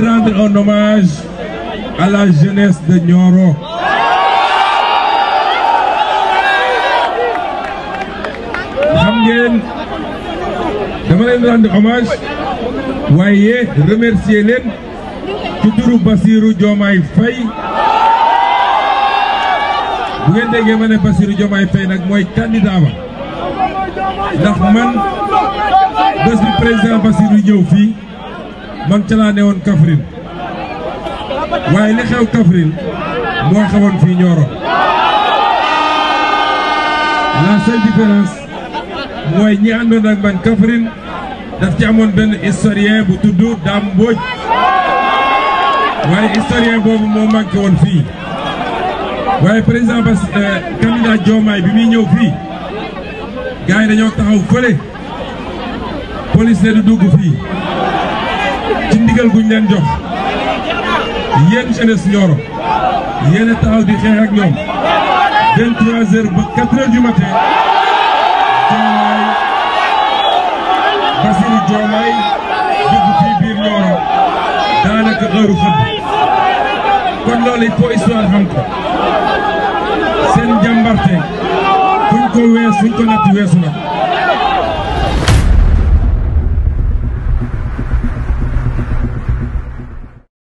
damay rendre un dama leen rendre waaye remercier leen ci turu Bassirou Diomaye Faye bu ngeen ma ne Bassirou Diomaye Faye nag mooy candidat ba ndax man bés bi président Bassirou ñëw fii man ca laa newoon Kaffrine waaye li xew Kaffrine moo xewoon fii Nioro la seule différence mooy ñi àndoon ak man Kaffrine daf ci amoon benn historien bu tudd Dame Mbodj waaye historien boobu moo manqué woon fii waaye président Bass euh, candidat Diomaye bi muy ñëw fii gars yi dañoo taxaw fële police ne du dugg fii ndigal buñ leen jox yéen jeunesse Nioro yéen a taxaw di xeex ak ñoom 23 heures ba 4 heures du matin Diomaye Bassirou Diomaye dugg fii biir Nioro daanaka heure xëdd kon loolu il faut histoire xam ko seen jàmbarte fuñ ko wees fuñ ko natt weesu na